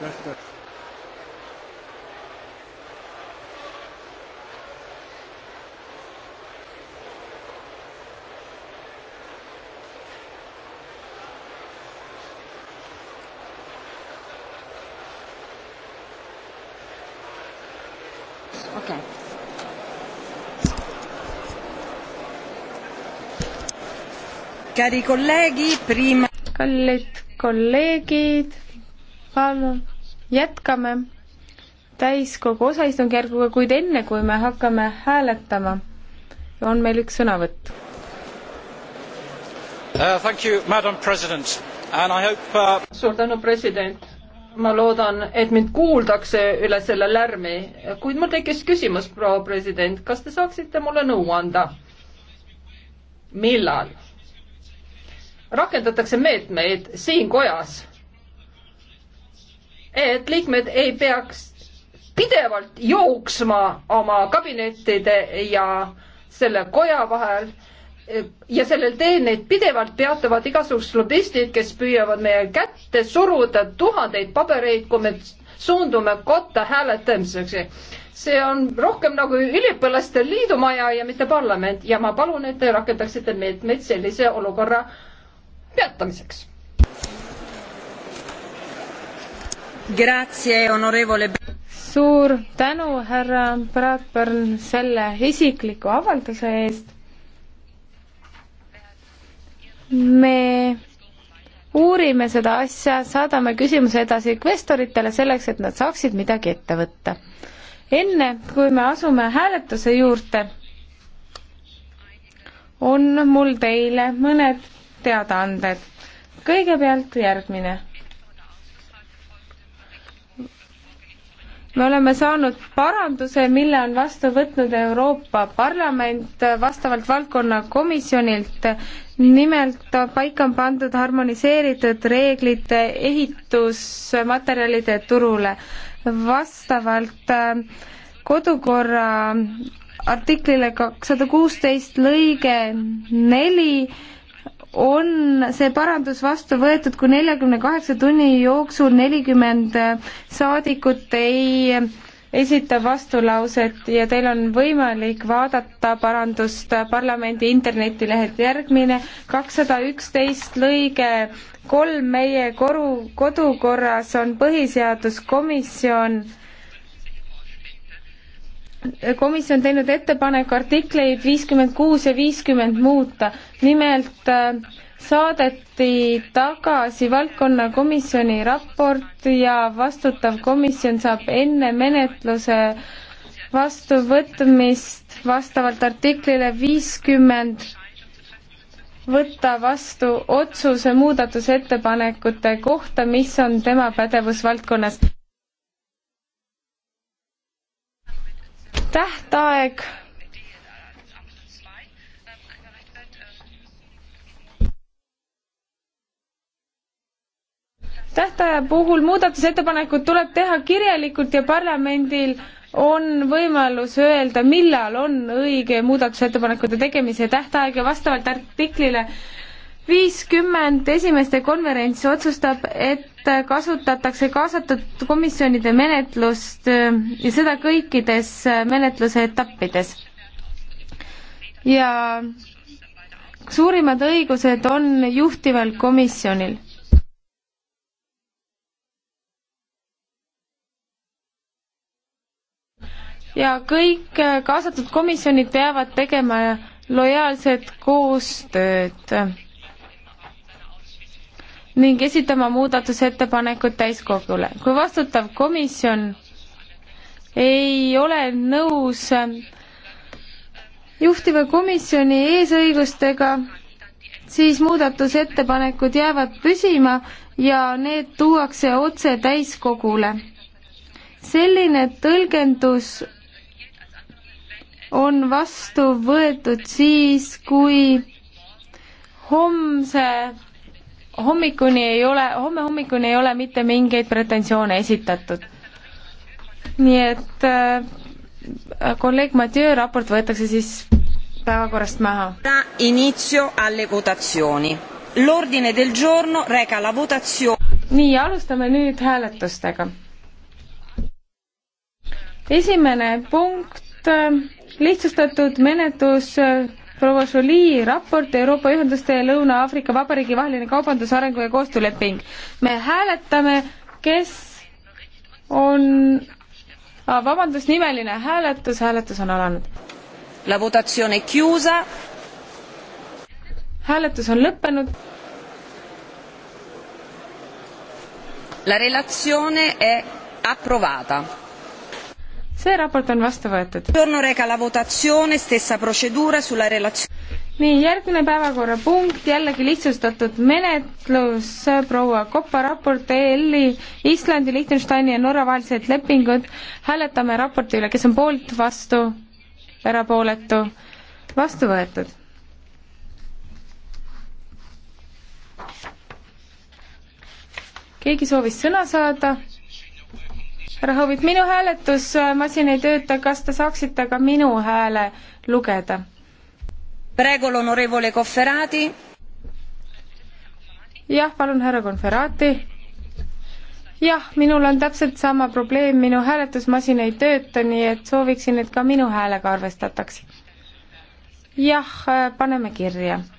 That's that's Okay. Cari colleghi, prima... Kallid kolleegid, palun jätkame täiskogu osaistungjärguga, kuid enne, kui me hakkame hääletama, on meil üks sõnavõtt uh,. Hope... Uh, suur tänu, president. ma loodan, et mind kuuldakse üle selle lärmi, kuid mul tekkis küsimus, proua president, kas te saaksite mulle nõu anda? millal rakendatakse meetmeid siin kojas et liikmed ei peaks pidevalt jooksma oma kabinettide ja selle koja vahel ja sellel teel neid pidevalt peatavad igasugused lobistid, kes püüavad meie kätte suruda tuhandeid pabereid, kui me suundume kotta hääletamiseks. see on rohkem nagu üliõpilaste liidumaja ja mitte parlament ja ma palun, et te rakendaksite meetmeid sellise olukorra peatamiseks suur tänu, härra Bradburn, selle isikliku avalduse eest. me uurime seda asja, saadame küsimuse edasi kvestoritele selleks, et nad saaksid midagi ette võtta. enne, kui me asume hääletuse juurde, on mul teile mõned teadaanded. kõigepealt järgmine me oleme saanud paranduse, mille on vastu võtnud Euroopa Parlament vastavalt valdkonna komisjonilt. nimelt paika on pandud harmoniseeritud reeglid ehitusmaterjalide turule vastavalt äh, kodukorra artiklile kakssada kuusteist lõige neli on see parandus vastu võetud, kui neljakümne kaheksa tunni jooksul nelikümmend saadikut ei esita vastulauset ja teil on võimalik vaadata parandust parlamendi internetilehelt. järgmine kakssada üksteist lõige kolm meie koru, kodukorras on põhiseaduskomisjon komisjon teinud ettepaneku artikleid viiskümmend kuus ja viiskümmend muuta. nimelt äh, saadeti tagasi valdkonnakomisjoni raport ja vastutav komisjon saab enne menetluse vastuvõtmist vastavalt artiklile viiskümmend võtta vastu otsuse muudatusettepanekute kohta, mis on tema pädevusvaldkonnas. tähtaeg tähtaja puhul muudatusettepanekud tuleb teha kirjalikult ja parlamendil on võimalus öelda, millal on õige muudatusettepanekute tegemise tähtaeg ja vastavalt artiklile viiskümmend esimeste konverents otsustab, et kasutatakse kaasatud komisjonide menetlust äh, ja seda kõikides äh, menetluse etappides. ja suurimad õigused on juhtival komisjonil ja kõik äh, kaasatud komisjonid peavad tegema lojaalset koostööd ning esitama muudatusettepanekud täiskogule. kui vastutav komisjon ei ole nõus juhtiva komisjoni eesõigustega, siis muudatusettepanekud jäävad püsima ja need tuuakse otse täiskogule. selline tõlgendus on vastu võetud siis, kui homse hommikuni ei ole, homme hommikuni ei ole mitte mingeid pretensioone esitatud. nii et äh, kolleeg Mathieu raport võetakse siis päevakorrast maha. Inizio alle votatsiooni. L'ordine del giorno reca la votazione. nii, alustame nüüd hääletustega. esimene punkt, äh, lihtsustatud menetlus äh, proua Jolie raport Euroopa Ühenduste ja Lõuna-Aafrika Vabariigi vaheline kaubandus, arengu ja koostööleping. me hääletame, kes on, ah, vabandust, nimeline hääletus, hääletus on alanud. La votazione chiusa. hääletus on lõppenud. La relazione è approvata see raport on vastu võetud. nii, järgmine päevakorrapunkt, jällegi lihtsustatud menetlus, proua Koppa raport EL-i, Islandi, Liechtensteini ja Norra vahelised lepingud. hääletame raporti üle, kes on poolt, vastu, erapooletu, vastu võetud. keegi soovis sõna saada? härra Hoovit, minu hääletusmasin ei tööta, kas te saaksite ka minu hääle lugeda? Prego l'onorevole Cofferati. jah, palun, härra Conferati. jah, minul on täpselt sama probleem, minu hääletusmasin ei tööta, nii et sooviksin, et ka minu häälega arvestataks. jah, äh, paneme kirja